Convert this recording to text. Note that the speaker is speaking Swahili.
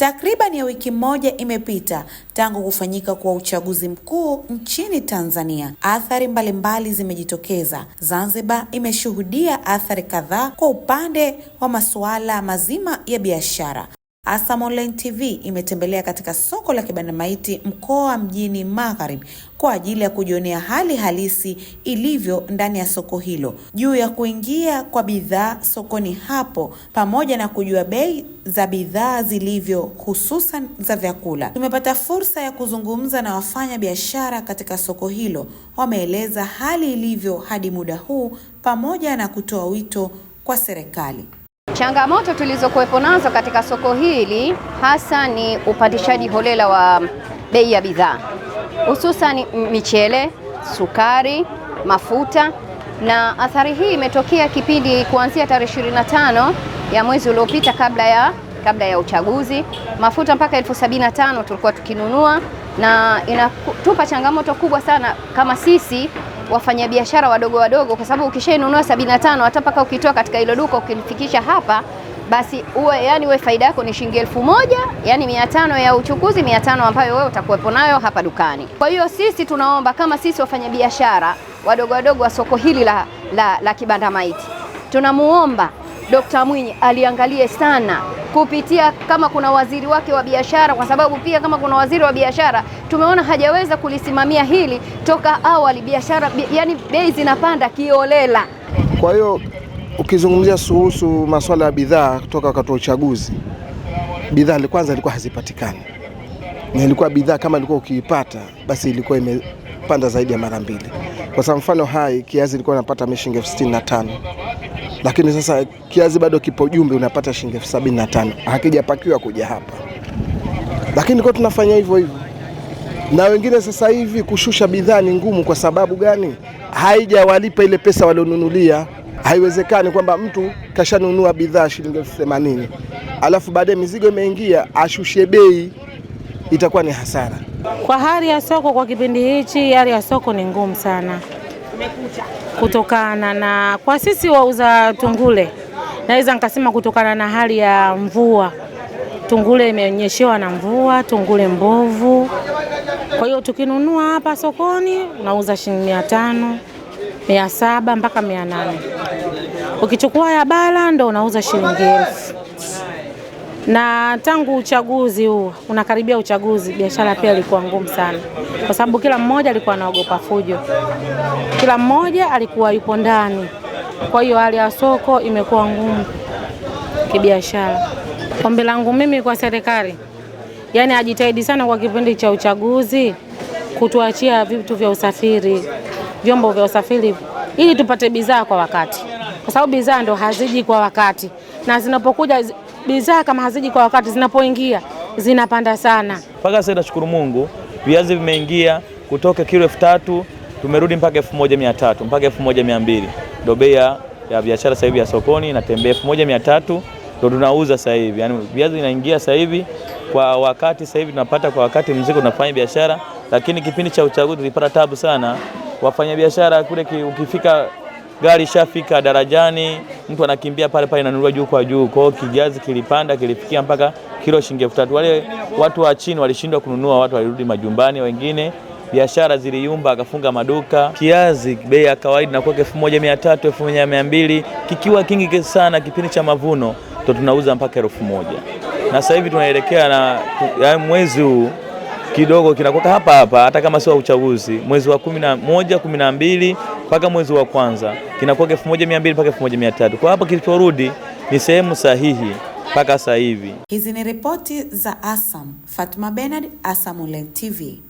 Takriban ya wiki moja imepita tangu kufanyika kwa uchaguzi mkuu nchini Tanzania. Athari mbalimbali zimejitokeza. Zanzibar imeshuhudia athari kadhaa kwa upande wa masuala mazima ya biashara. ASAM Online TV imetembelea katika soko la Kibandamaiti mkoa mjini Magharibi kwa ajili ya kujionea hali halisi ilivyo ndani ya soko hilo, juu ya kuingia kwa bidhaa sokoni hapo, pamoja na kujua bei za bidhaa zilivyo, hususan za vyakula. Tumepata fursa ya kuzungumza na wafanya biashara katika soko hilo, wameeleza hali ilivyo hadi muda huu, pamoja na kutoa wito kwa serikali. Changamoto tulizokuwepo nazo katika soko hili hasa ni upandishaji holela wa bei ya bidhaa hususan michele, sukari, mafuta na athari hii imetokea kipindi kuanzia tarehe 25 ya mwezi uliopita kabla ya kabla ya uchaguzi. Mafuta mpaka elfu sabini na tano tulikuwa tukinunua, na inatupa changamoto kubwa sana kama sisi wafanyabiashara wadogo wadogo, kwa sababu ukishainunua sabini na tano hata mpaka ukitoa katika hilo duka ukifikisha hapa basi uwe yani uwe faida yako ni shilingi elfu moja yani mia tano ya uchukuzi, mia tano ambayo wewe utakuwepo nayo hapa dukani. Kwa hiyo sisi tunaomba kama sisi wafanyabiashara wadogo wadogo wa soko hili la, la, la Kibanda Maiti tunamuomba Dr. Mwinyi aliangalie sana kupitia kama kuna waziri wake wa biashara, kwa sababu pia kama kuna waziri wa biashara tumeona hajaweza kulisimamia hili toka awali. Biashara yani bei zinapanda kiolela. Kwa hiyo ukizungumzia kuhusu masuala ya bidhaa toka wakati wa uchaguzi, bidhaa kwanza ilikuwa hazipatikani, na ilikuwa bidhaa kama ilikuwa ukiipata basi ilikuwa imepanda zaidi ya mara mbili. Kwa mfano hai kiazi ilikuwa inapata mishingi elfu sitini na tano lakini sasa kiazi bado kipo Jumbe, unapata shilingi elfu sabini na tano hakijapakiwa kuja hapa, lakini kwa tunafanya hivyo hivyo na wengine. Sasa hivi kushusha bidhaa ni ngumu. Kwa sababu gani? haijawalipa ile pesa walionunulia. Haiwezekani kwamba mtu kashanunua bidhaa shilingi elfu themanini alafu baadaye mizigo imeingia ashushe bei, itakuwa ni hasara. Kwa hali ya soko kwa kipindi hichi, hali ya soko ni ngumu sana kutokana na kwa sisi wauza tungule, naweza nikasema kutokana na hali ya mvua, tungule imeonyeshewa na mvua, tungule mbovu. Kwa hiyo tukinunua hapa sokoni unauza shilingi mia tano mia saba mpaka mia nane ukichukua ya bara ndo unauza shilingi elfu na tangu uchaguzi huu unakaribia uchaguzi, biashara pia ilikuwa ngumu sana, kwa sababu kila mmoja alikuwa anaogopa fujo, kila mmoja alikuwa yupo ndani. Kwa hiyo hali ya soko imekuwa ngumu kibiashara. Ombi langu mimi kwa serikali, yani ajitahidi sana kwa kipindi cha uchaguzi kutuachia vitu vya usafiri, vyombo vya usafiri, ili tupate bidhaa kwa wakati, kwa sababu bidhaa ndo haziji kwa wakati na zinapokuja bidhaa kama haziji kwa wakati, zinapoingia zinapanda sana. Mpaka sasa nashukuru Mungu, viazi vimeingia kutoka kilo elfu tatu tumerudi mpaka elfu moja mia tatu mpaka elfu moja mia mbili ndo bei ya biashara sasa hivi ya sokoni natembea elfu moja mia tatu ndo tunauza sasa hivi. Yani viazi vinaingia sasa hivi kwa wakati, sasa hivi tunapata kwa wakati, mzigo tunafanya biashara. Lakini kipindi cha uchaguzi tulipata tabu sana, wafanyabiashara kule ukifika gari ishafika darajani, mtu anakimbia pale pale, inanuliwa juu kwa juu. Kwa hiyo kijazi kilipanda kilifikia mpaka kilo shilingi elfu tatu. Wale watu wa chini walishindwa kununua, watu walirudi majumbani, wengine biashara ziliyumba, akafunga maduka. Kiazi bei ya kawaida na elfu moja mia tatu elfu moja mia mbili kikiwa kingi sana kipindi cha mavuno to tunauza mpaka elfu moja na sasa hivi tunaelekea na ya yaani mwezi huu kidogo kinakuwa hapa hapa, hata kama sio uchaguzi, mwezi wa kumi na moja kumi na mbili mpaka mwezi wa kwanza kinakuwa elfu moja mia mbili mpaka elfu moja mia tatu Kwa hapa kilichorudi ni sehemu sahihi mpaka sasa hivi. Hizi ni ripoti za ASAM. Fatma Bernard, ASAM Online TV.